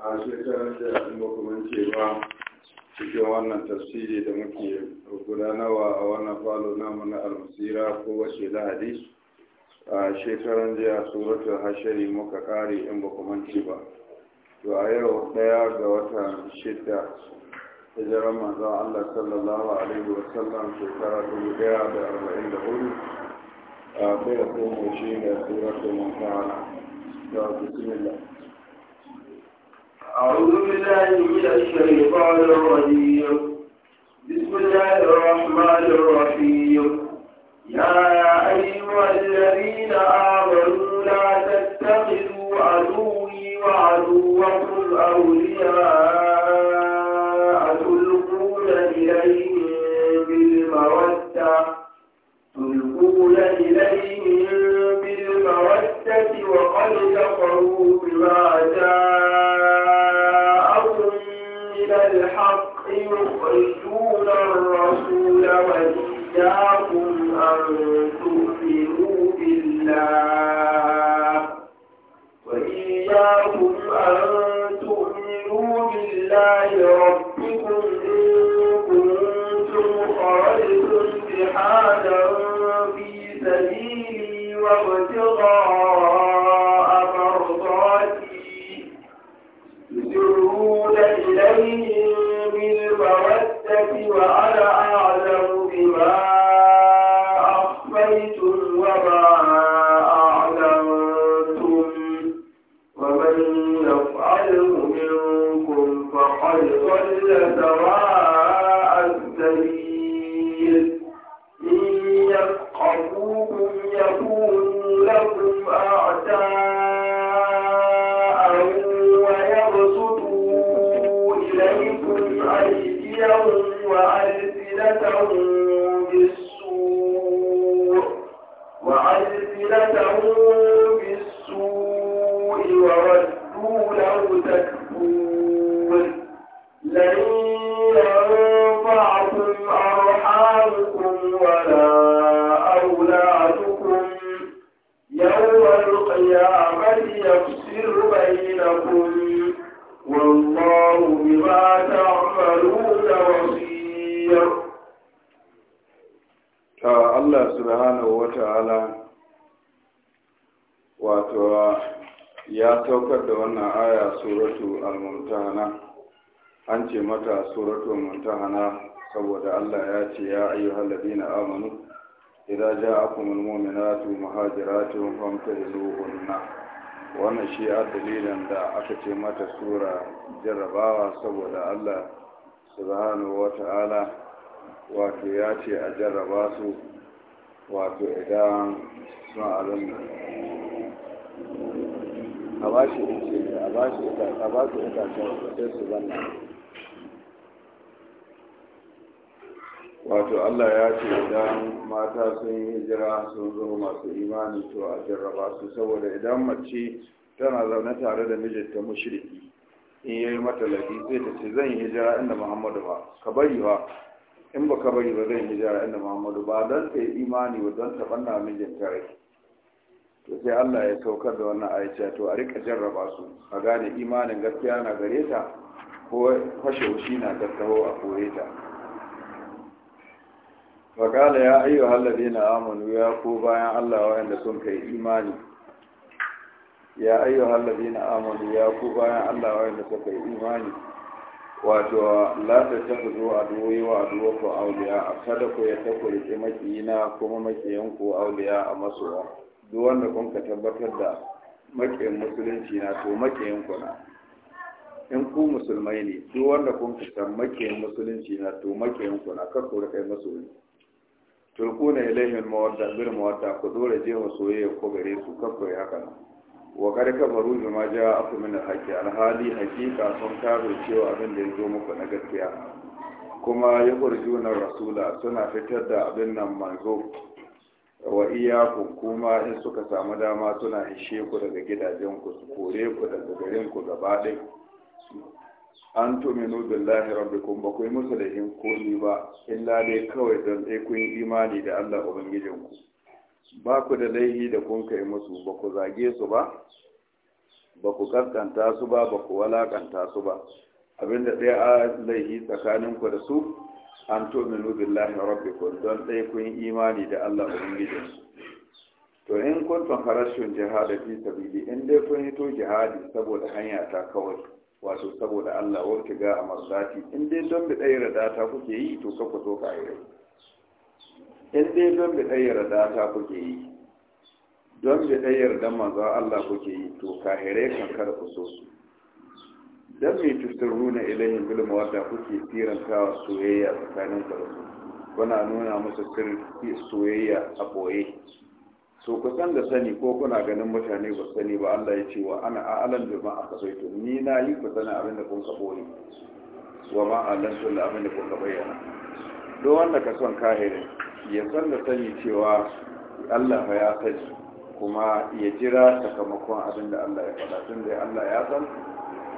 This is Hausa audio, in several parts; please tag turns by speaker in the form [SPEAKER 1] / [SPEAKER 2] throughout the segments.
[SPEAKER 1] a shekarar da makamanci ba cikin wannan tafsiri da muke gudanarwa a wannan falo namu na almasira ko wace lahadi a shekaran jiya suratul hashari muka kare in ba ce ba to a yau daya ga watan shidda hijirar manzon Allah sallallahu alaihi wasallam shekara dubu daya da arba'in da hudu a kai da kuma shi ne mun fara da bismillah
[SPEAKER 2] أعوذ بالله من الشيطان الرجيم بسم الله الرحمن الرحيم يا أيها الذين آمنوا لا تتخذوا عدوي وعدوكم أولياء تلقون إليهم بالمودة الرسول إليهم بالمودة وقد كفروا بما جاءهم من الحق يخرجون الرسول وإياكم أن تؤمنوا بالله وإياكم أن تؤمنوا بالله ربكم
[SPEAKER 1] ya saukar da wannan aya suratu al-mumtahana an ce mata suratu al-mumtahana saboda Allah ya ce ya ayyuhal ladina amanu idza ja'akum al-mu'minatu muhajiratun famtahinuhunna wannan shi a dalilin da aka ce mata sura jarrabawa saboda Allah subhanahu wata'ala wato ya ce a jarraba su wato idan sun alamu a ba shi ice a ba shi a ba su sai su zanna wato Allah ya ce idan mata sun yi hijira sun zo masu imani to a jarraba su saboda idan mace tana zaune tare da mijinta mushriki in yayi mata lafi sai ta ce zan yi hijira inda Muhammadu ba ka bari ba in ba ka bari ba zan yi hijira inda Muhammadu ba don sai yi imani ba don ta banna mijinta rai to sai Allah ya saukar da wannan aisha to a rika jarraba su a gane imanin gaskiya na gare ta ko shi na gaskaho a kore ta faƙala ya ayyu hallabi na amonu ya ko bayan Allah waɗanda sun kai imani ya ayyu hallabi na amonu ya ko bayan Allah waɗanda sun kai imani wato lata ta fi zo a duwoyi wa a ko auliya a kada ku ya takwari maki makiyina kuma makiyan auliya a masowa duk wanda kun ka tabbatar da maƙiyin musulunci na to maƙiyin ku na in ku musulmai ne duk wanda kun ka san maƙiyin musulunci na to maƙiyin ku na kar ku rika musulmi ne ilaihil mawadda bil mawadda ku dole je wa soyayya ko gare su kar ku haka na. wa kar ka baro bi ma ja aku min alhaqi alhali hakika sun karo cewa abin da ya zo muku na gaskiya kuma ya kurjuna rasula suna fitar da abin nan manzo wa iyaku kuma in suka samu dama suna ishe ku daga gidajenku su kore ku daga garinku gaba ɗai an tuminu billahi rabbikum ba ku yi musu da yin komi ba illa dai kawai don ɗai kun imani da Allah ubangijinku ba ku da laihi da kun kai musu ba ku zage su ba ba ku kaskanta su ba ba ku walakanta su ba abinda ɗaya a laihi tsakaninku da su an tomi billahi rabbikum don ɗaya kun imani da Allah ubangijinsu to in kuntum harashun jihada fi sabili in dai kun hito jihadi saboda hanya ta kawai wato saboda Allah wanke ga amarzati in dai don bi dai radata kuke yi to ka ku so ka yi in dai don bi dai radata kuke yi don bi dai radan manzon Allah kuke yi to ka hire kan kada ku so su dan me tusirruna ilayhim bil mawadda kuke tirantawa soyayya tsakanin ku da su kuna nuna musu sirri soyayya a boye so ku san da sani ko kuna ganin mutane ba sani ba Allah ya ce wa ana a'lam bima akasaitu ni na yi ku sani abin da kun ka boye wa ma a'lam la abin da kun ka bayyana don wanda ka son kahiri ya san da sani cewa Allah fa ya sani kuma ya jira sakamakon abin da Allah ya faɗa tun da Allah ya san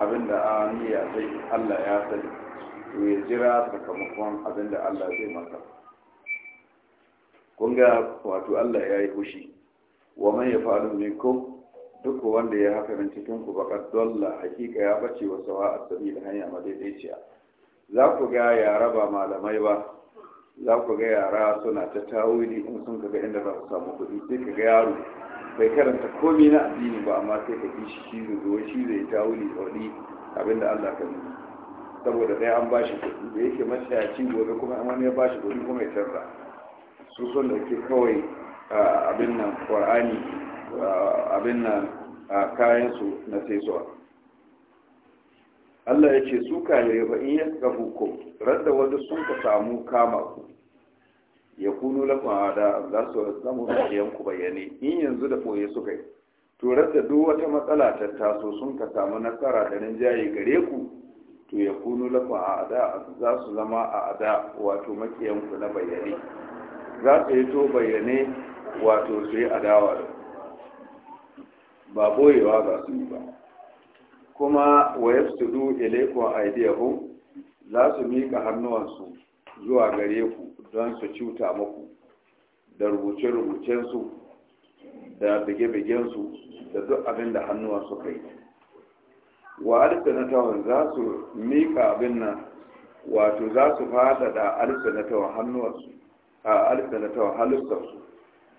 [SPEAKER 1] abin yi a zai Allah ya sani to ya jira sakamakon abinda Allah zai masa kun ga wato Allah ya yi fushi wa man ya faru ko duk wanda ya haka nan cikin ku bakar dalla hakika ya bace wa sawa as da hanya madaidaiciya za ku ga yara ba malamai ba za ku ga yara suna ta tawili in sun ga inda za ku samu kuɗi sai ka ga yaro bai karanta komai na addini ba amma sai ka kishi shi zo zo shi zai ta wuli abinda Allah ka nuna saboda dai an bashi kuɗi da yake matsaya ci gobe kuma an wani ya shi kuɗi kuma ya canza su son da ke kawai abin nan qur'ani abin nan kayan su na sai zuwa Allah ya ce su ba in ya kafu ku radda wanda sun ka samu kama ku ya kunu lakum ada za su zama kiyan ku bayane in yanzu da boye suka yi to da duk wata matsala ta taso sun ka samu nasara da rinjaye gare ku to ya kunu lakum ada za su zama a ada wato makiyan ku na bayani za su yi to bayane wato su yi adawa ba boyewa za su yi ba kuma wa yafsudu ilaykum aydiyahum za su mika hannuwansu zuwa gare ku don su cuta muku da rubuce-rubucensu da bige-bigensu da duk abin da hannuwa su kai wa alfinatawan za su mika abin nan wato za su fada da alfinatawan hannuwarsu a alfinatawan halittarsu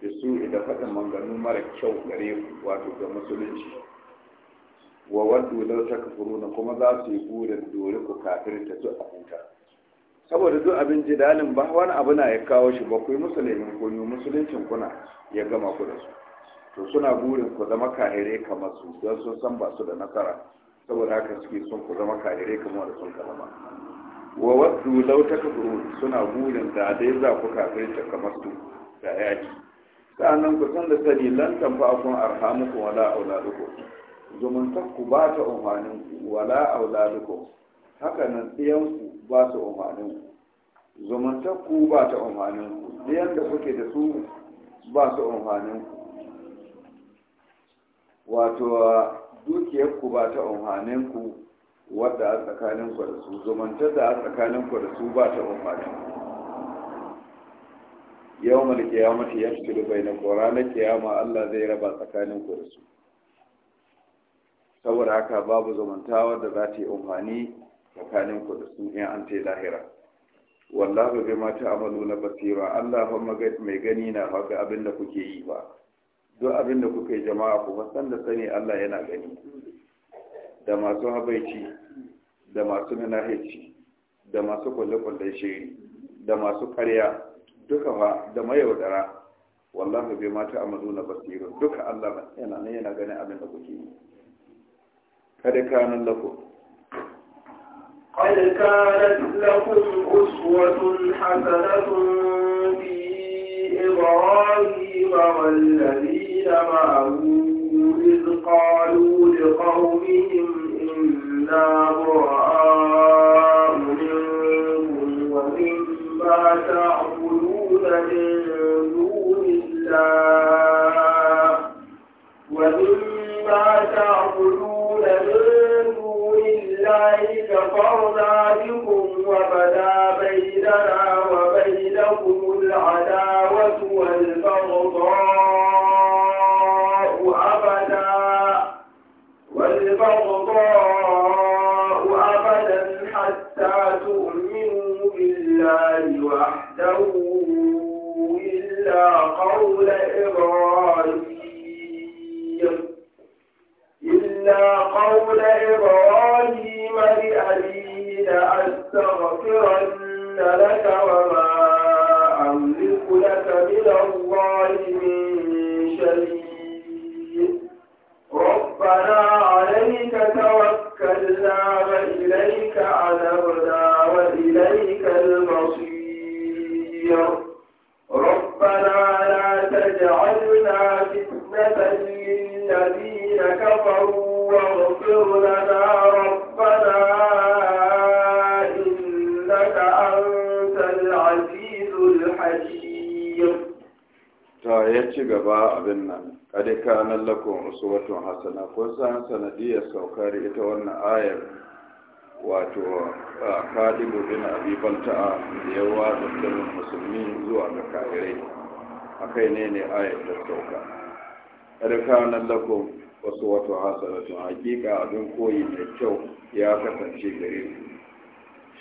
[SPEAKER 1] da su da faɗin manganu mara kyau gare ku wato ga musulunci wa wadda wadda ta kafuru na kuma za su yi burin dore ku kafirta su a hutar saboda duk abin jidalin ba wani abu na ya kawo shi ba ku yi musulmin ku musuluncin kuna ya gama ku da su to suna burin ku zama kahire kamar su don sun san ba su da nasara saboda haka suke sun ku zama kahire kamar da sun kalama wa wasu lauta kafuru suna burin da dai za ku kafirta kamar su da yaki sa'annan ku san da sani lan tamfa akun arhamukum wala auladukum zumuntakku ba ta umarnin wala auladukum haka nan ku. ba su umarnin zumuntakku ba ta umarnin ɗayan da kuke da su ba su umarnin wato dukiyarku ba ta umarnin ku wadda a tsakanin ku da su zumuntar da a tsakanin ku da su ba ta umarnin yau mulki ya mace ya fito bai na kora na kiyama Allah zai raba tsakanin ku da su saboda haka babu zumunta wadda za ta yi umarni tsakaninku da su in an yi lahira wallahu bi ma na basira Allah fa mai gani na fa ga abin da kuke yi ba duk abin da kuke yi jama'a ku san da sani Allah yana gani da masu habaici da masu haici, da masu kulle shiri da masu karya duka fa da mayaudara wallahu bi ma na basira duka Allah yana yana ganin abin da kuke yi kada kanan lakum
[SPEAKER 2] وقد كانت لكم أسوة حسنة في إبراهيم والذين معه إذ قالوا لقومهم إنا براء منكم ومما تعبدون من دون الله ومما تعبدون من ذلك فأولئكم وبدا بيننا وبينكم العداوة والبغضاء أبدا والبغضاء أبدا حتى تؤمنوا بالله وحده إلا قول إبراهيم إلا قول إبراهيم لأبي لأستغفرن لك وما أملك لك من الله من شيء ربنا عليك توكلنا وإليك وإليك المصير ربنا لا تجعلنا فتنة للذين كفروا
[SPEAKER 1] ta ya ci gaba abin nan kada kanan lakon uswatun hasana ko san sanadiyar saukar ita wannan ayar wato kadibu bin abi balta'a da ya watsa sirrin musulmi zuwa ga kafirai akai ne ne ayar da sauka kada kanan lakon wasu wato hasanatu hakika abin koyi mai kyau ya kasance gare su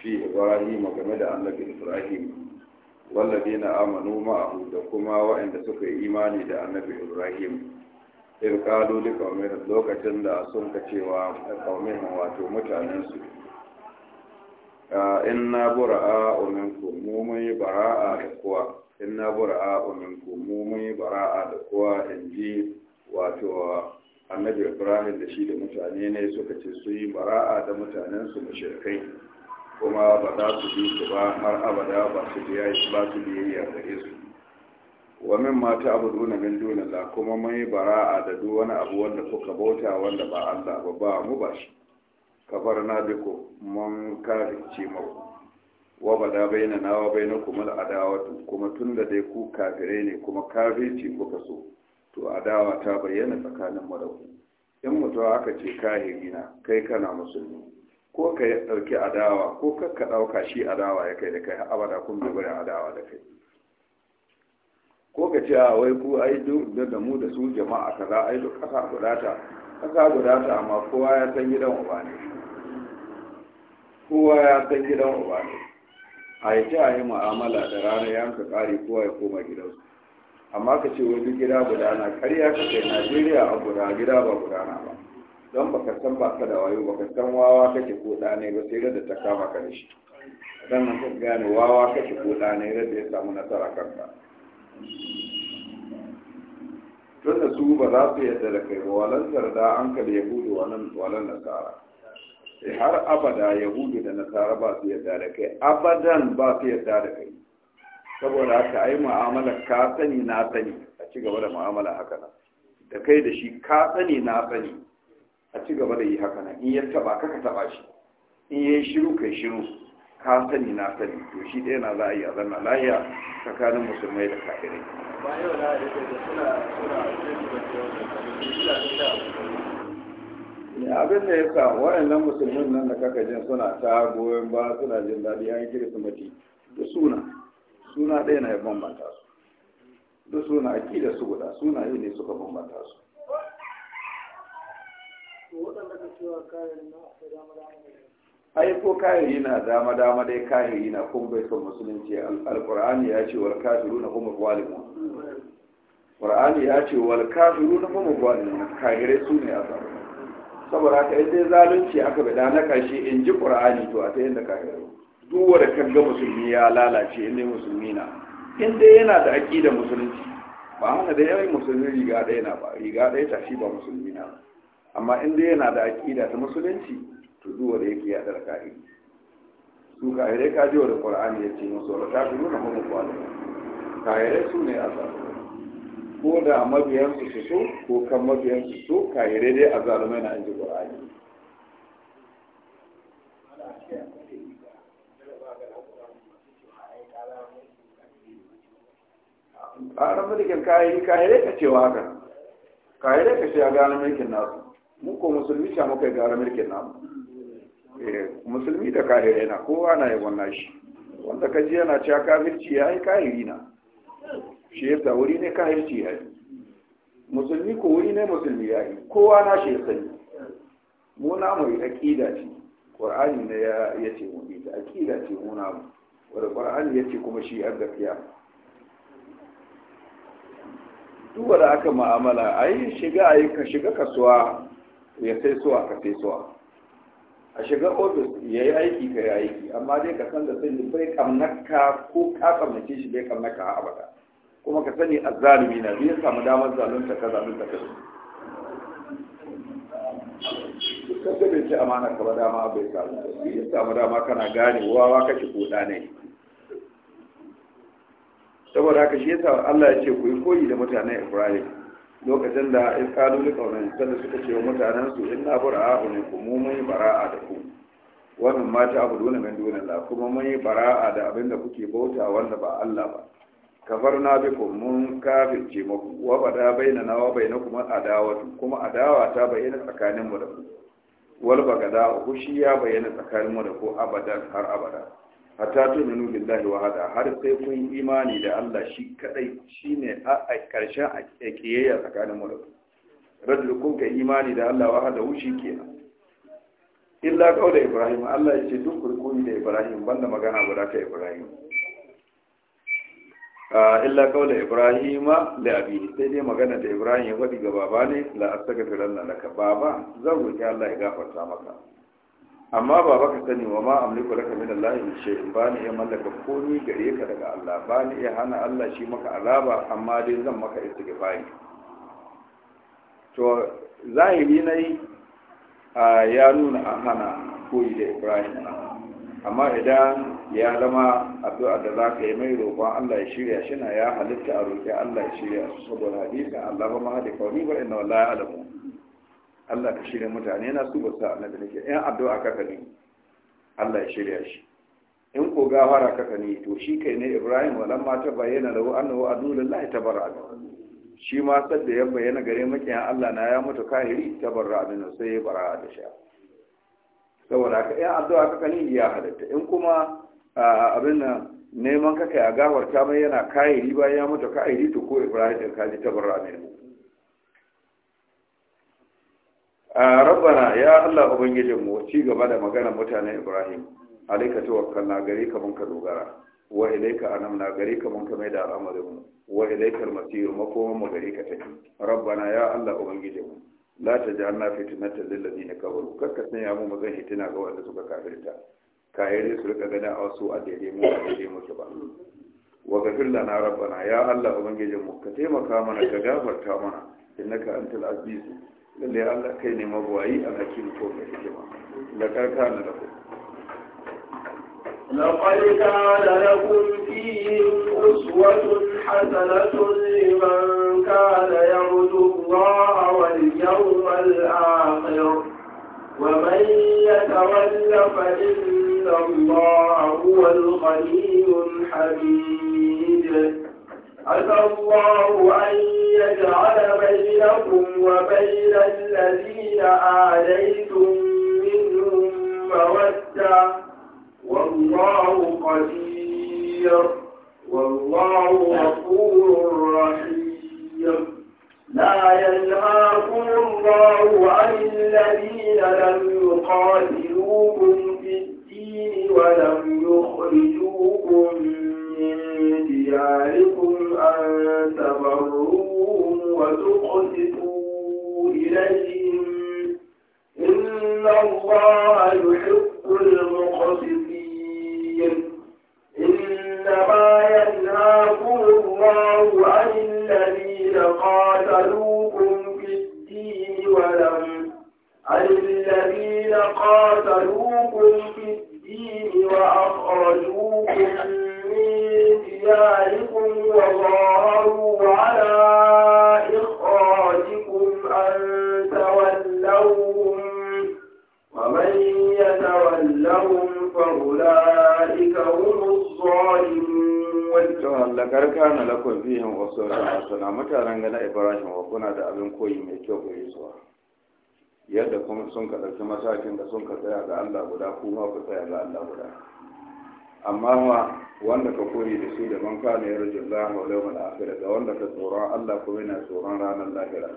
[SPEAKER 1] shi ibrahim game da annabi ibrahim wallabi na amanu ma'ahu da kuma waɗanda suka yi imani da annabi ibrahim irkalu da kaumin lokacin da sun ka cewa kaumin wato mutanensu in na bura'a uminku mu mun yi bara'a da kowa in na bura'a uminku mu mun yi bara'a da kuwa, in ji wato annabi ibrahim da shi da mutane ne suka ce su yi bara'a da mutanensu mashirkai kuma ba za su bi su ba har abada ba su ba su biyayya gare su wa min ma ta'buduna min la kuma mai bara'a da duk wani abu wanda kuka bauta wanda ba Allah ba ba mu ba shi na biku mun kafirce muku wa bayyana na wa bainakum al'adawatu kuma tunda dai ku kafirai ne kuma kafirci kuka so to adawa ta bayyana tsakanin marabu in mutu aka ce kahirina kai kana musulmi ko ka ɗauki adawa ko ka ɗauka shi adawa ya kai da kai abada kun da gurin adawa da kai ko ka ce a wai ku ai duk da mu da su jama'a za ai duk ƙasa guda ta gudata guda ta amma kowa ya san gidan uba ne kowa ya san gidan uba ne a yi ta a yi mu'amala da ranar yanka ƙari kowa ya koma gidansu amma ka ce wani gida gudana karya ka ce najeriya a guda gida ba gudana ba don baka san ba ka da wayo baka san wawa kake ko ɗane ba sai da ta kama ka da shi don nan ka gane wawa kake ko ɗane da ya samu nasara kanka tun da su ba za su yadda da kai ba walantar da an ya yahudu walan nasara sai har abada yahudu da nasara ba su yadda da kai abadan ba su yadda da kai saboda haka ai mu'amala ka sani na sani a ci gaba da mu'amala haka nan da kai da shi ka sani na sani a ci gaba da yi haka nan in ya taba ka ka taba shi in yayi shiru kai shiru ka sani na sani to shi ɗaya na za a yi a zanna lahiya tsakanin musulmai da kafirai ne abin da ya sa waɗannan musulmin nan da kaka jin suna ta goyon ba suna jin daɗi an kirsimati da suna suna ɗaya na ya bambanta su duk suna a kila su guda suna yi ne suka bambanta su ai ko kahiri na dama dama dai kahiri na kuma bai son musulunci alƙur'ani ya ce wal kafiru na kuma gwalimu ƙur'ani ya ce wal kafiru na kuma gwalimu kahirai su ne a saboda haka yi dai zalunci aka bada na kashe in ji ƙur'ani to a ta yin da kahirai duk wanda kan ga musulmi ya lalace inda musulmi na in dai yana da aqida musulunci ba hana da yayin musulmi riga ɗaya na ba riga ɗaya ta ba musulmi na amma in dai yana da aqida ta musulunci to duk wanda yake ya dar kai su kahirai ka ji wa da ya ce musu wa ta duru na mu kwalo kahirai su ne azabu ko da mabiyansu su so ko kan mabiyansu so kahirai dai azalumai na an ji qur'ani a mulkin kahiri kahirai ka cewa haka kahirai ka shiga gane mulkin nasu mu ko musulmi sha muka gane mulkin namu eh, musulmi da kahirai na kowa na yi wannan shi wanda ka ji yana cewa kafirci ya yi kahiri na shi yasa wuri ne kahirci ya yi musulmi ko wuri ne musulmi ya yi kowa na shi ya sani mu na mu aqida ce qur'ani ne ya ce mu ita aqida ce mu na mu wanda qur'ani ya ce kuma shi ya gaskiya duk wanda aka ma'amala a yi shiga a yi ka shiga kasuwa ya sai suwa ka sai suwa a shiga ofis ya yi aiki ka yi aiki amma dai ka san da sani bai kamnaka ko ka kamnace shi bai kamnaka a abada kuma ka sani a zalimi na biyan samu damar zalunta ka zalunta ka su kasa bai ci amana ka ba dama bai samu ya samu dama kana gane wawa kake koda ne saboda haka shi yasa Allah ya ce ku yi koyi da mutanen Ibrahim lokacin da iskalu li qaumin sanda suka ce wa mutanen su inna bara'a ku mu mun bara'a da ku Wannan wa abu dole mai dole la kuma mun yi bara'a da abinda kuke bauta wanda ba Allah ba kafarna bikum mun ce muku wa bada na wa kuma adawatu kuma adawa ta bayyana tsakanin mu da ku wal bagada shi ya bayyana tsakanin mu da ku abadan har abada hatta nanu billahi hada har sai kun imani da Allah shi kadai shine a karshen akiyayya tsakanin mu da ku radul kun ka imani da Allah hada wushi kenan illa kaula ibrahim Allah ya ce duk kurkuni da ibrahim banda magana guda ta ibrahim illa kaula ibrahima la abi sai dai magana da ibrahim ya faɗi ga baba ne la astaghfirullah laka baba zan roki Allah ya gafarta maka amma ba baka sani wa ma amliku laka min Allah in ce in bani ya mallaka komi gare ka daga Allah bani ya hana Allah shi maka alaba, amma dai zan maka istighfari to zahiri nai ya nuna an hana koyi da Ibrahim amma idan ya zama addu'a da zaka yi mai roƙon Allah ya shirya shi na ya halitta a roƙi Allah ya shirya saboda hadisi Allah ba ma hada kauni ba inna wallahi alamu Allah ka shirya mutane na su basa annabi nake in addu'a kaka ne Allah ya shirya shi in ko gafara kaka ne to shi kai ne Ibrahim walan ma ta bayyana lahu annahu adullahi tabarra shi ma da ya bayyana gare makiyan Allah na ya mutu kahiri tabarra min sai ya bara da shi saboda ka in addu'a kaka ne ya halatta in kuma abin nan neman kaka a gafarta mai yana kahiri bayan ya mutu kahiri to ko Ibrahim ka ji tabarra min rabbana ya Allah ubangijin mu ci gaba da magana mutanen Ibrahim alayka tawakkalna gare ka mun ka dogara wa ilayka anamna gare ka mun ka mai da al'amarin mu wa ilayka al-masir makoman mu gare ka take rabbana ya Allah ubangijin mu la tajalna fitnata lil ladina kafaru san ya mu magan hitina ga wanda suka kafirta kayyare su rika gada a wasu a daidai mu a daidai muke ba wa gafir lana rabbana ya Allah ubangijin mu ka taimaka mana ka gafarta mana innaka antal aziz lalle Allah kai ne magwayi a hakim ko mai hikima da karka na da ku
[SPEAKER 2] لقد كان لكم فيهم أسوة حسنة لمن كان يرجو الله واليوم الآخر ومن يتول فإن الله هو الغني الحميد عسى الله أن يجعل بينكم وبين الذين آليتم منهم مودة والله قدير والله غفور رحيم لا ينهاكم الله عن الذين لم يقاتلوكم في الدين ولم يخرجوكم رجالكم أن تبروهم وتقسطوا إليهم إن الله يحب المقسطين إنما ينهاكم الله عن الذين قاتلوكم في الدين ولم عن الذين قاتلوكم في الدين وأخرجوكم وظاهروا على إخراجكم أن تولوهم ومن يتولهم
[SPEAKER 1] mutanen gana Ibrahim wa kuna da abin koyi mai kyau ga Yesu yadda kuma sun ka ɗauki matakin da sun ka tsaya ga Allah guda kuma ku tsaya ga Allah guda amma wanda ka kore da su daban ne ya rajin a wa laumar afirka ga wanda ka tsoron Allah kuma yana tsoron ranar lahira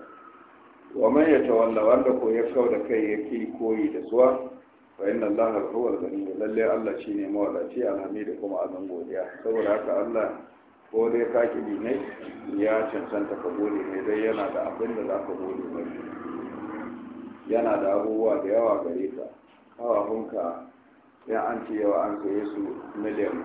[SPEAKER 1] wa man ya ta wanda ko ya kau da kai ya yake koyi da suwa fa inna Allah huwa al-ghani lalle Allah shine mawadaci da kuma azan godiya saboda haka Allah ko dai ka ki ne ya cancanta ka gode ne dai yana da abin da za ka gode mai yana da abubuwa da yawa gare ka kawafinka ya an ce yawa an kai su miliyan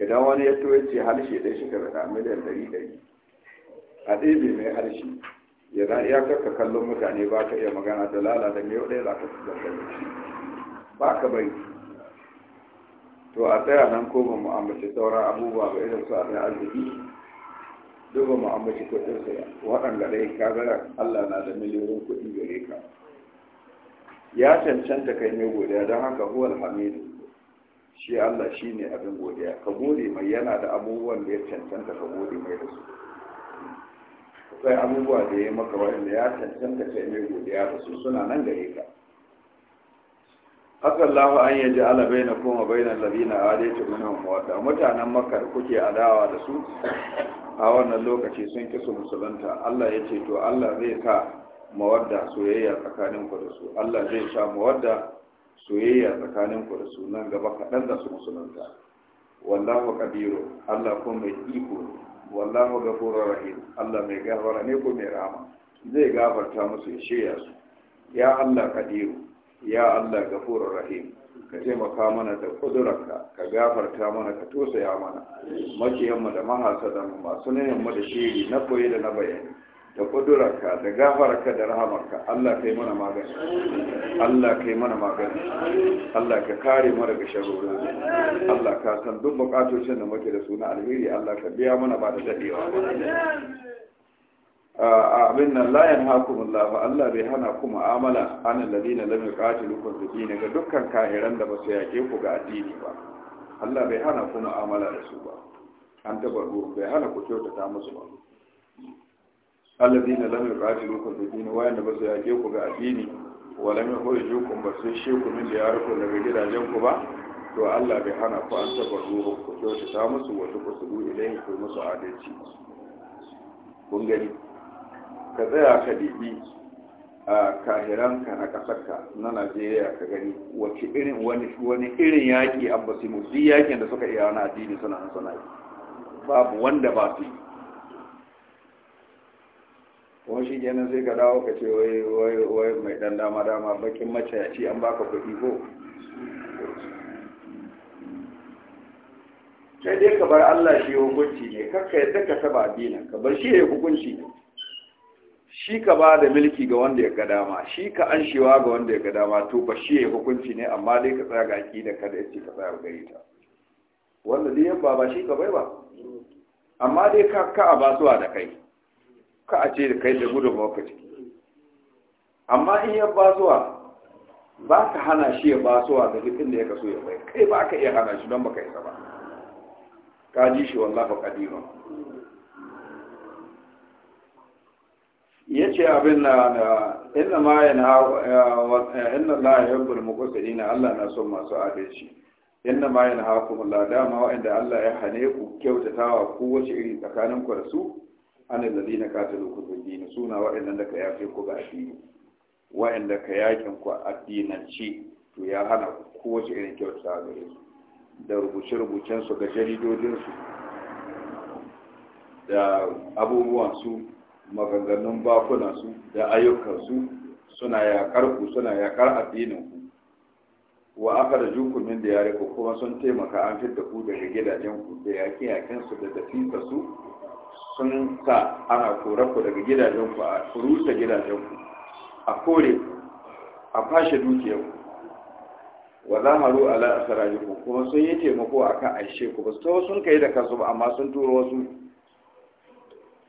[SPEAKER 1] idan wani ya tuwa ya ce harshe ɗaya shi ka da miliyan ɗari ɗari a ɗebe mai harshe ya za iya kakka kallon mutane ba ka iya magana da lala da mai ɗaya za ka su zaka ba ka bari to a tsaya nan ko ba mu ambaci sauran abubuwa ba irin su a tsaye arziki duk ba mu ambaci kuɗin sa waɗanda dai ka ga Allah na da miliyoyin kuɗi gare ka ya cancanta kai mai godiya don haka huwal hamidu shi Allah shi ne abin godiya ka gode mai yana da abubuwan da ya cancanta ka gode mai da su akwai abubuwa da ya maka waɗanda ya cancanta ka mai godiya da su suna nan gare ka haka Allah an yi ji ala bai na kuma bai na labi na adaitu minan muwadda mutanen makka da kuke adawa da su a wannan lokaci sun kisa musulunta Allah ya ce to Allah zai sa mawadda soyayya tsakanin ku da su Allah zai sa mawadda soyayya tsakanin ku da sunan gaba kaɗan da su musulunta wallahu kabiru Allah ko mai iko wallahu gafurur rahim Allah mai gafara ne ko mai rahama zai gafarta musu ya shirya su ya Allah kadiru ya Allah gafurur rahim ka taimaka mana da kudurarka ka gafarta mana ka tosaya mana maciyanmu da da masu nayin da shiri na koyi da na bayani da kudurarka da gafararka da rahamarka Allah kai mana magani Allah kai mana magani Allah ka kare mu daga sharuru Allah ka san duk bukatocin da muke da su na alheri Allah ka biya mana ba da dadewa ah, ah, abin nan la lafa. Allah bai hana ku mu'amala an ladina lam yuqatilukum fi dini ga dukkan kahiran da ba su yake ku ga addini ba Allah bai hana ku mu'amala da su ba an tabarru bai hana ku kyautata musu ba alladina lam yuqatilukum fi dini wa inna basu yake ku ga addini wa lam yukhrijukum basu sheku min diyarikum daga gidajen ku ba to Allah bai hana ku an tabarru ku ta ta musu ku su ilayhi ku musu adalci kun gani ka tsaya ka dibi a kahiranka na kasarka na Najeriya ka gani wace irin wani wani irin yaki abbasi musu yakin da suka iya wani addini suna sana'a. babu wanda ba su kuma shi kenan sai ka dawo ka ce wai mai dan dama dama bakin ci an baka kuɗi ko sai dai ka bar Allah shi hukunci ne kakka yadda ka saba addinin ka bar shi ya hukunci ne shi ka ba da mulki ga wanda ya ga dama shi ka shiwa ga wanda ya ga dama to ba shi ya hukunci ne amma dai ka tsaya ga da kada ya ce ka tsaya gari ta wanda dai yabba ba shi ka bai ba amma dai ka ka a basuwa da kai ka a ce da kai da gudun maka ciki amma in ya basuwa ba ka hana shi ya basuwa da duk inda ya kaso ya bai kai ba ka iya hana shi don baka isa ba ka ji shi wallafa kadima ya ce abin na da inna ma yana eh, inna la yuhibbul muqsitin Allah na son masu adalci inna ma yana hakum la dama inda Allah ya hane ku kyautatawa ko wace iri tsakanin ku da su anil ladina kata fi din suna wa'annan da ka yafe ku ga addini wa'anda ka yakin ku addinanci to ya hana ku kowace irin kyauta gare su da rubuce-rubucen su ga jaridodin su da abubuwan su maganganun bakunan su da ayyukan su suna yakar ku suna yakar addinin ku wa aka da jukumin da yare ku kuma sun taimaka an fitta ku daga gidajen ku da yaƙe-yaƙen su da tafi su sun sa ana kora ku daga gidajenku a rusa gidajenku a kore a fashe ku. wa za zaharu ala ku? kuma sun yi taimako a kan aishe ku ba su sun kai da kansu ba amma sun turo wasu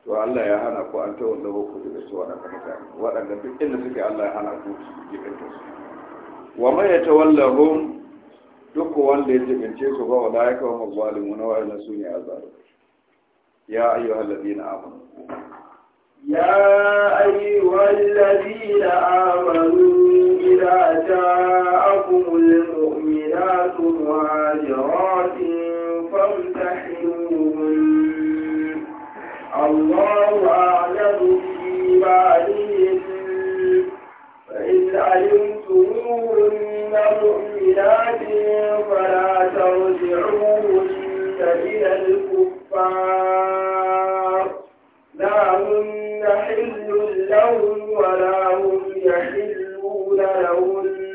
[SPEAKER 1] to Allah ya hana ku an tawon da ku daga su waɗanda mutane waɗanda duk inda suke Allah ya hana ku su gidan ta su wa mai yatawallahum duk wanda ya jibince su ba wa da ya kawo mazalimu na wa'annan su ne azabu يا أيها الذين آمنوا
[SPEAKER 2] يا أيها الذين آمنوا إذا جاءكم المؤمنات مهاجرات فامتحنوهن الله أعلم في بعدهن فإن علمتموهن مؤمنات فلا ترجعوهن إلى الكفار لا هن حل لهم ولا هم يحلون لهم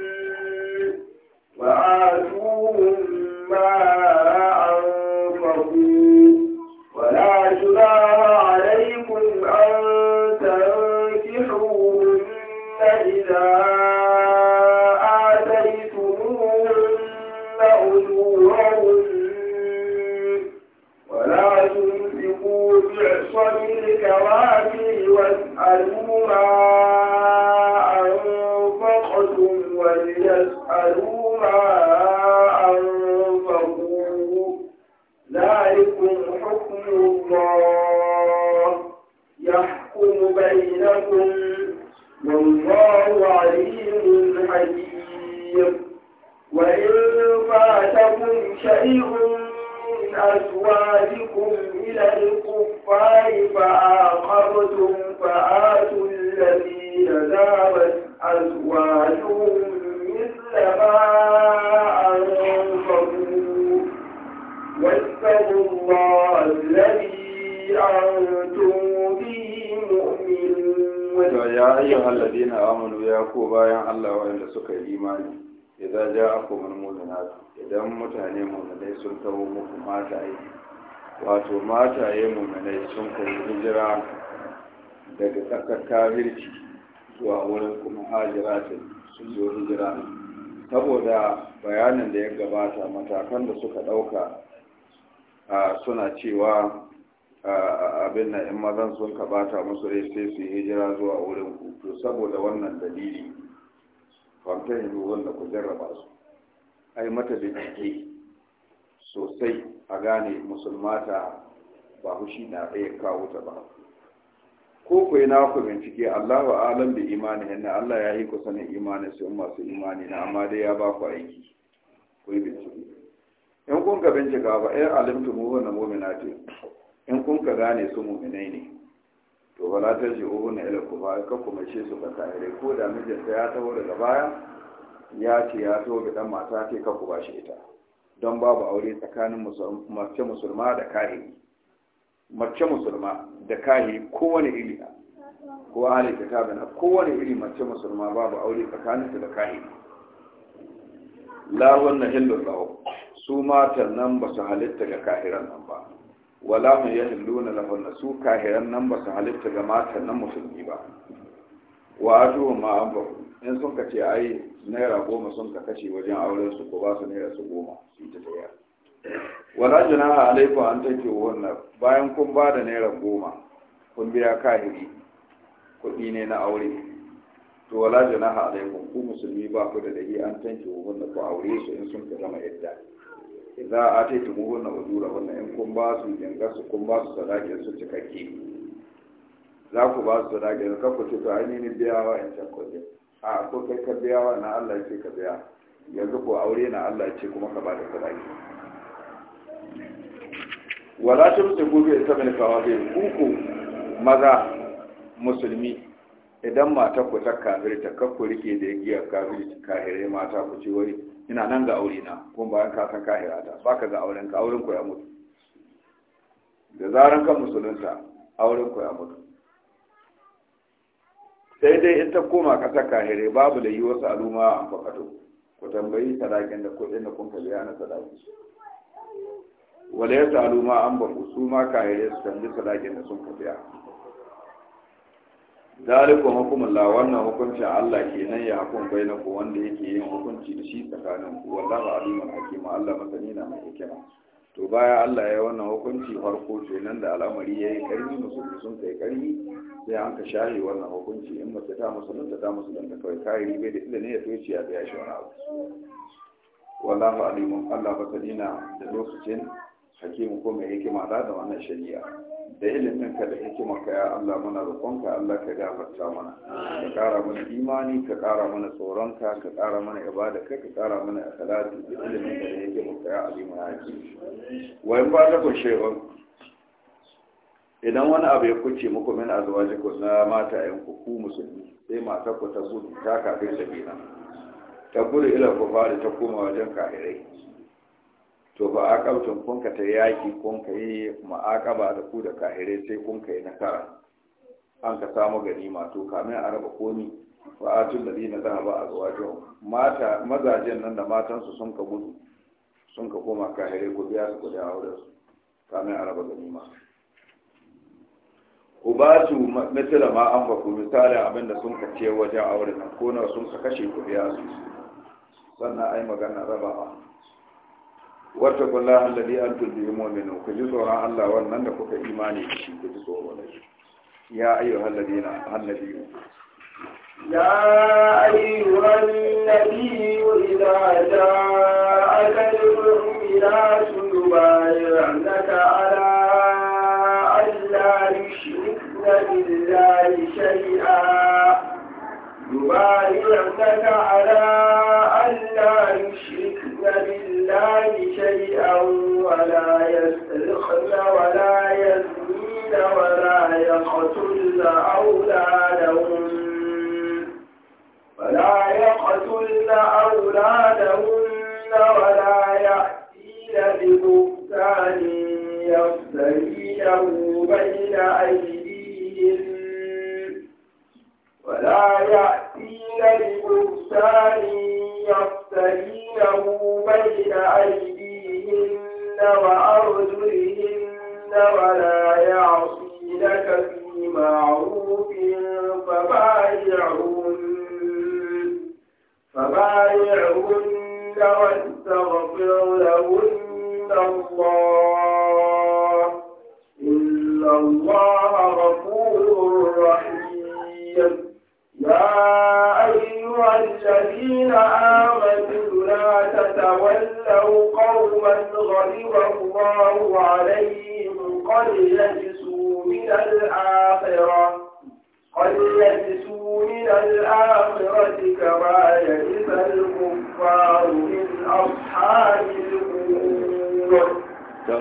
[SPEAKER 1] mu'minatu idan mutane mu'minai sun tawo muku mataye wato mataye mu'minai sun kai hijira daga tsakar kafirci zuwa wurin kuma hajiratin sun zo hijira saboda bayanin da ya gabata matakan da suka ɗauka suna cewa abin na in mazan sun kabata musu rai sai su hijira zuwa wurin ku saboda wannan dalili kwamfani ruwan da ku jarraba su a yi mata bincike sosai a gane musulmata ba hushi na ɗaya kawo ta ba ko ku yi naku bincike Allah alam da imani hinna Allah ya yi ku sanin imani su masu imani na amma dai ya ba ku aiki ku yi bincike in kun ka bincika ba ai eh, alimtu mu na ce in kun ka gane su mu'minai ne to ba la ta ji uhu na ila ku ba ka kuma ce su ka kare ko da mijinta ya taho daga baya ya ce ya zo ga dan mata ke ka ku bashi ita don babu aure tsakanin mace musulma da kahiri mace musulma da kahiri kowane iri ko ahli bana kowane iri mace musulma babu aure tsakanin su da kahiri la wannan hillun lahu su matan nan ba su halitta ga kahiran nan ba wala mu yahilluna na su kahiran nan ba su halitta ga matan nan musulmi ba wa ajuhu ma in sun ka ce ai naira goma sun ka kashe wajen auren su ko ba su naira su goma su ta daya wala junaha alaiku an take wannan bayan kun ba da naira goma kun biya kahiri kuɗi ne na aure to wala junaha alaiku ku musulmi ba ku da dahi an tanke wannan ku aure su in sun ka zama yadda idza ataytum wannan wajura wannan in kun ba su jinga su kun ba su sadakin su cikakke za ku ba su sadakin ka ku ce to ainihin biyawa in can kuɗin a ko kai ka biya wa na Allah ce ka biya yanzu ko aure na Allah ce kuma ka bada sadaki wala ta mutu gobe da saman kawabin ku maza musulmi idan mata ku ta kafirta kar ku rike da giya kafirci kahire mata ku ce wani ina nan ga aure na kuma bayan ka san kahira ta ba ka ga auren aurenku ku ya mutu da zaran kan musulunta auren ku ya mutu sai dai in ta koma ƙasar kahire babu da yi wasu al'umma a fakato ku tambayi sadakin da kuɗin da kun biya na sadaki wale ya ma an ba su ma kahire su tambi sadakin da sun biya zalikun hukumin la wannan hukuncin Allah ke nan ya hukun bainaku wanda yake yin hukunci da shi tsakanin ku wallahu alimul hakima Allah masani na mai hikima to baya Allah ya wannan hukunci farko nan da al'amari ya yi ƙarfi sun kai ƙarfi sai an ka shahi wannan hukunci in mace ta nan ta nan, da kawai kayi ribe da ne ya toce ya biya shi wani abu wallahu alimun Allah ba ta da lokacin hakimu ko mai hikima da wannan shari'a da ilimin ka da hikimar ka ya Allah muna roƙonka Allah ka gafarta mana ka ƙara mana imani ka ƙara mana tsoron ka ka ƙara mana ibada ka ka ƙara mana akhlaqi da ilimin ka da hikimar ka ya alimu hakim wa in ba ta ku shay'un idan wani abu ya kuce muku min ko na mata ayan ku ku musulmi sai mata ku ta gudu ta kafir sabina ta gudu ila kufari ta koma wajen kafirai to ba a kun kunka ta yaki kunka ka yi ma'aqaba da ku da kahire sai kunka ka yi nasara an ka samu ma to kamin a raba komi fa atul a zuwa azwajuhum mata mazajen nan da matansu sun ka gudu sun ka koma kahire ko biya su kudi auren su kamin a raba gani ba su. misala ma an faku misali abinda sun ka ce wajen auren ko na sun ka kashe ku biya su sannan ai magana rabawa واتقوا الله الذي أنتم به مؤمنون كجسورا الله ولن نكف إيماني كجسورا الله يا أيها الذين النبي
[SPEAKER 2] يا أيها الَّذِينَ إذا جاءك المؤمنات يبايعنك على ألا يشركن بالله شيئا يبايعنك على أن لا يشركن بالله شيئا ولا يسرقن ولا يزنين ولا يقتلن أولادهم ولا يقتلن أولادهن ولا يأتين ببهتان يفتريه بين أيديهن ولا يأتين ببهتان يفترينه بين أيديهن وأرجلهن ولا يعصينك في معروف فبايعهن فبايعهن عليهم قد لبثوا من الآخرة قد لبثوا من الآخرة كما يلبث الكفار من أصحاب القبور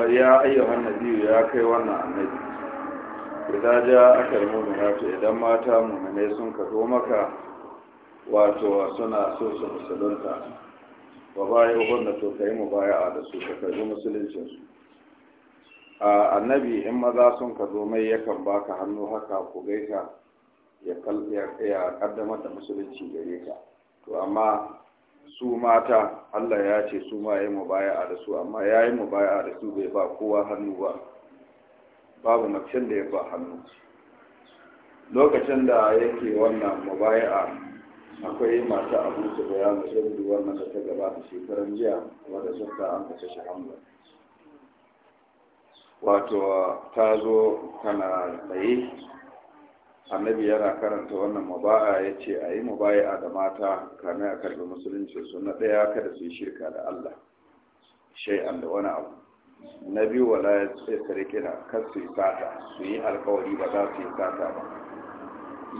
[SPEAKER 1] يا أيها النبي يا كيوانا النبي إذا جاء أكل المؤمنات إذا ما مات من سنك دومك wato suna so su musulunta wa baya wanda to kai mu baya da su ka karbi musuluncin su annabi in maza sun ka zo mai yakan baka hannu haka ku gaita ya kaddamar da musulunci gare ka to amma su mata Allah ya ce su ma yi mubaya'a da su amma ya yi mubaya'a da su bai ba kowa hannu ba babu macen da ya ba hannu lokacin da yake wannan mubaya'a akwai mata abu su bayanu irin wannan da ta gaba shekaran jiya wadda suka an kashe shi wato ta zo tana tsaye annabi yana karanta wannan muba'a ya ce a yi a da mata kamar a karbi musulunci su na ɗaya kada su yi shirka da allah an da wani abu na biyu wala ya tsaye na kar su yi sata su yi alkawari ba za su yi sata ba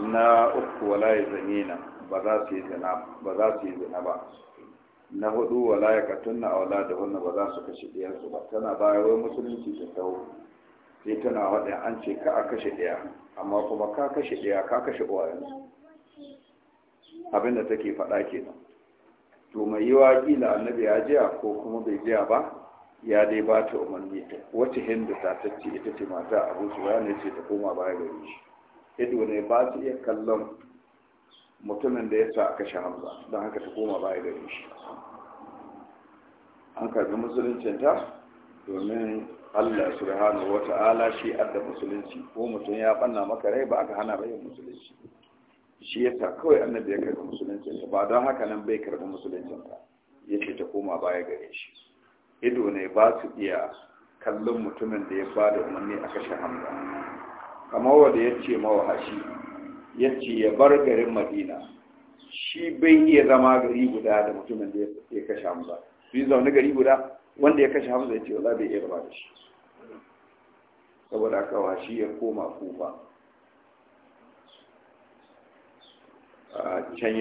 [SPEAKER 1] na uku wala ya na ba za su yi zina ba na hudu wala tunna na wala da wannan ba za su kashe ɗiyarsu ba tana bayarwar musulunci ta tau sai tana waɗin an ce ka a kashe ɗaya amma kuma ka kashe ɗaya ka kashe ƙwayansu abinda take faɗa kenan to mai wa ƙila annabi ya jiya ko kuma bai jiya ba ya dai ba ta umarni wace hindu ta tacce ita ce mata abu su ne ce ta koma baya gari shi ido ne ba su iya kallon mutumin da ya sa aka sha hamza don haka ta koma baya da shi an karbi musuluncinta domin allah subhanahu wa ta'ala shi adda musulunci ko mutum ya banna maka rai ba aka hana bayan musulunci shi yasa kawai annabi ya karbi musuluncinta ba don haka nan bai karbi musuluncinta ya ce ta koma baya da shi ido ne ba su iya kallon mutumin da ya ba da umarni a kashe hamza kamar wanda ya ce mawa hashi. ya ya bar garin madina shi bai iya zama gari guda da mutumin da ya kashe hamza su yi zaune gari guda wanda ya kashe hamza ya ce za bai iya zama da shi saboda kawa shi ya koma kufa a can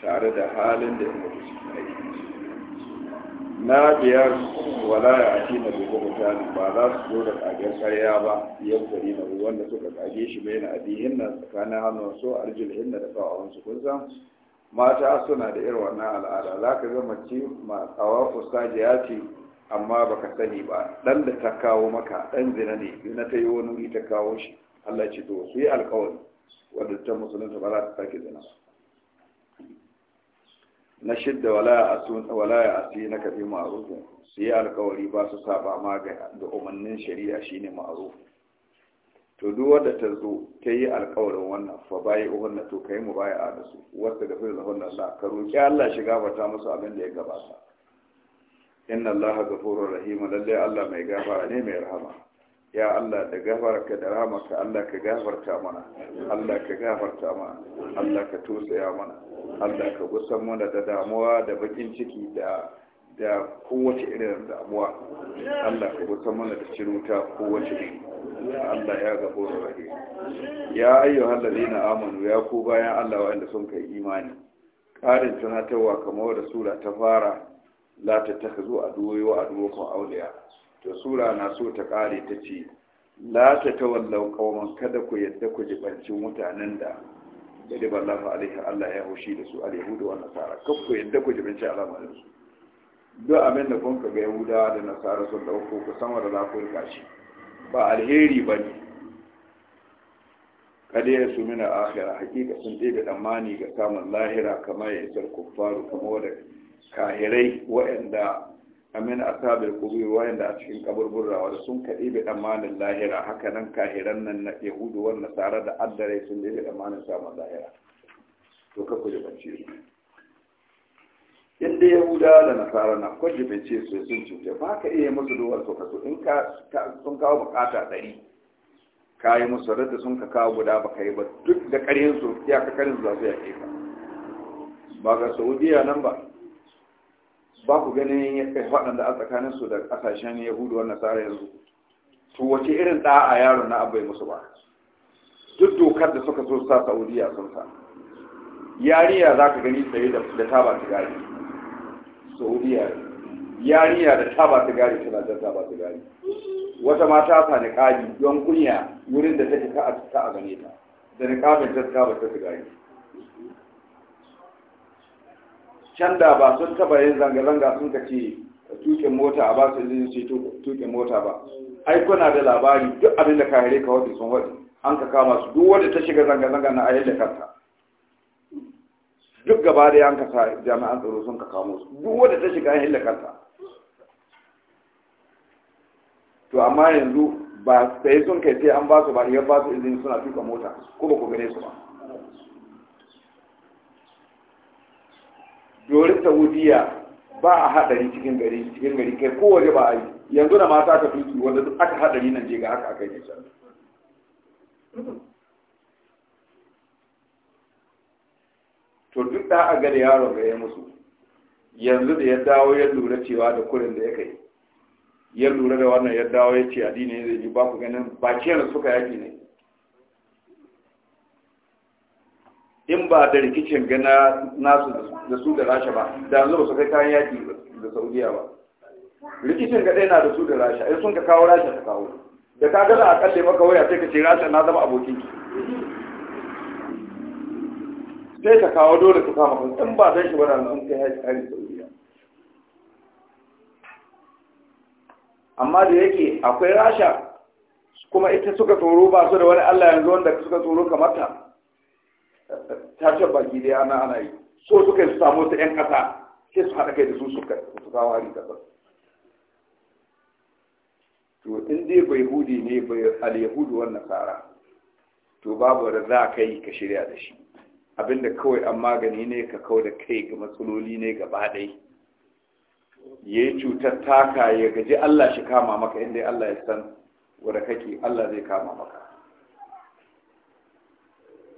[SPEAKER 1] tare da halin da ya mutu cikin aiki na biyar wala ya ake na dubu mutane ba za su zo da kagen karya ba yau gari na wanda suka tsage shi bai na abihin na tsakanin hannun so hinna da tsawon su kun san mata suna da irin wannan al'ada za ka zama ci ma tsawa jiya ce amma ka sani ba ɗan da ta kawo maka dan zina ne na ta yi wani ta kawo shi Allah ce to su yi alkawari wadda ta musulunta ba za ta sake zina ba na shidda wala ya asi na kafi ma'arufu su yi alkawari ba su saba ma da umarnin shari'a shi ne ma'arufu to duk wadda ta zo ta yi alkawarin wannan fa bayi uhunna to kai mu baya da su wasta ga fil hunna Allah ka roki Allah shiga bata musu abin da ya gabata inna Allah ghafurur rahim lalle Allah mai gafara ne mai rahama ya Allah da gafarka da rahamarka Allah ka gafarta mana Allah ka gafarta mana Allah ka tosaya mana Allah ka gusan mana da damuwa da bakin ciki da da kowace irin damuwa Allah ka gusan mana da ciruta kowace iri Allah ya gabo da rahe ya ayyuhal ladina amanu ya ku bayan Allah wa'anda sun kai imani karin tunatarwa kamar da sura ta fara la ta a aduwa wa aduwakum auliya to sura na so ta kare ta ce la ta tawallau qauman kada ku yadda ku jibancin mutanen da da ba lafa alaihi Allah ya haushi da su a yahudu wa nasara kakku yadda ku alama da su duk abin da kun ga yahuda da nasara sun da ku ku san wanda za ku rika shi ba alheri ba ne kada ya su mina akhira hakika sun ɗebe tsammani ga samun lahira kamar ya isar kuffaru kamar da kahirai waɗanda amin asabil kubi da a cikin kaburburra wanda sun kaɗi bi damanin lahira haka nan kahiran nan na yahudu wanda tare da addare sun bi damanin samun lahira to ka ku jibance su inda yahuda da nasara na ku jibance su sun cuce ba ka iya musu duwar su kaso in ka sun kawo bukata ɗari ka yi musu da sun ka kawo guda ba ka yi ba duk da ƙarhin su ya ka ƙarhin su za su yaƙe ka ba ga saudiya nan ba ba ku ganin waɗanda a tsakanin su da ƙasashen yahudu wannan nasara yanzu to wace irin ɗa'a yaro na abai musu ba duk dokar da suka zo sa saudiya sun sa yariya za ka gani tsaye da taba sigari saudiya yariya da taba sigari tana da taba sigari wata mata ta kaji don kunya wurin da take ka a gane ta da kafin ta taba ta sigari can da ba sun taba yin zanga-zanga sun ka ce tuƙin mota a ba su izinin ce tuƙin mota ba ai kuna da labari duk abin da kare ka wata sun wadda an ka kama su duk wadda ta shiga zanga-zanga na ayyar da kanta duk gaba da an ka sa jami'an tsaro sun ka kamo su duk wadda ta shiga ayyar da kanta to amma yanzu ba sai sun kai sai an ba su ba iya ba su izini suna tuka mota ko ba ku gane su ba dori saudiya ba a hadari cikin gari cikin gari kai kowace ba a yi yanzu da mata ka tuki wanda duk aka hadari nan je ga haka aka yi can to duk da a ga da yaron ga ya musu yanzu da ya dawo ya lura cewa da kurin da ya kai ya lura da wannan ya dawo ya ce adini ne zai ji ba ku ganin ba kenan suka yaki ne in ba da rikicin gana nasu da su da rasha ba da yanzu ba su kai kayan yaki da saudiya ba rikicin ga na da su da rasha in sun ka kawo rasha ta kawo da ka gaza a kalle maka waya sai ka ce rasha na zama abokin ki sai ta kawo dole ka kama kan in ba zai shi ba sun kai hari saudiya amma da yake akwai rasha kuma ita suka tsoro ba su da wani allah yanzu wanda suka tsoro kamar ta ce baki dai ana ana yi so suka yi su samu 'yan kasa sai su haɗa kai da su su kawo hari ƙasar to in dai bai hudi ne bai al-yahudu nasara to babu da za ka yi ka shirya da shi abinda kawai an magani ne ka kawo da kai ga matsaloli ne gaba ɗai ya yi cutar taka ya gaji allah shi kama maka inda allah ya san wadda kake allah zai kama maka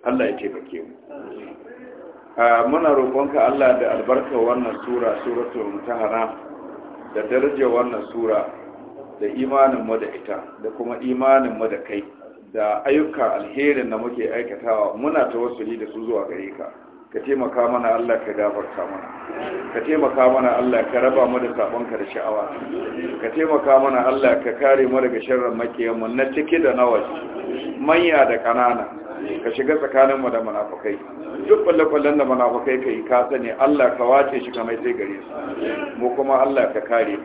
[SPEAKER 1] Allah ya taimake
[SPEAKER 2] mu
[SPEAKER 1] muna roƙonka Allah da albarka wannan sura suratul mutahara da daraja wannan sura da imanin mu da ita da kuma imanin mu da kai da ayyuka alherin da muke aikatawa muna ta tawassuli da su zuwa gare ka ka taimaka mana Allah ka gafarta mana ka taimaka mana Allah ka raba mu da sabonka da sha'awa ka taimaka mana Allah ka kare mu daga sharrin makiyanmu na cike da waje manya da kanana ka shiga tsakaninmu da munafukai duk kwalle da munafukai ka yi ka sani Allah ka wace shi kamar sai gare su mu kuma Allah ka kare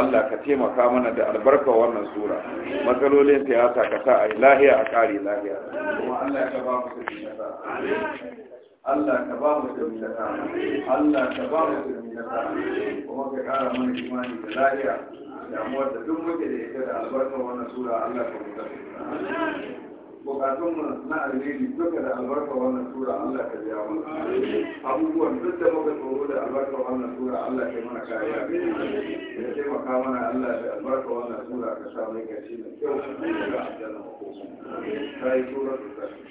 [SPEAKER 1] Allah ka taimaka mana da albarka wannan sura matsalolin siyasa ka sa a lahiya a kare lahiya kuma Allah
[SPEAKER 2] ba mu
[SPEAKER 1] Allah ka ba mu da ta Allah ka ba mu da ta kuma ka kara mana imani da lafiya mu da duk muke da ita da albarkar wannan sura Allah ka mu da bukatun na alheri duka da albarkar wannan sura Allah ka biya mu abubuwan duk da muka tsoro da albarkar wannan sura Allah ka mana kariya da
[SPEAKER 2] taimaka mana Allah da albarkar wannan sura ka sa mai gaci mai kyau da aljanna ko kuma sai sura ta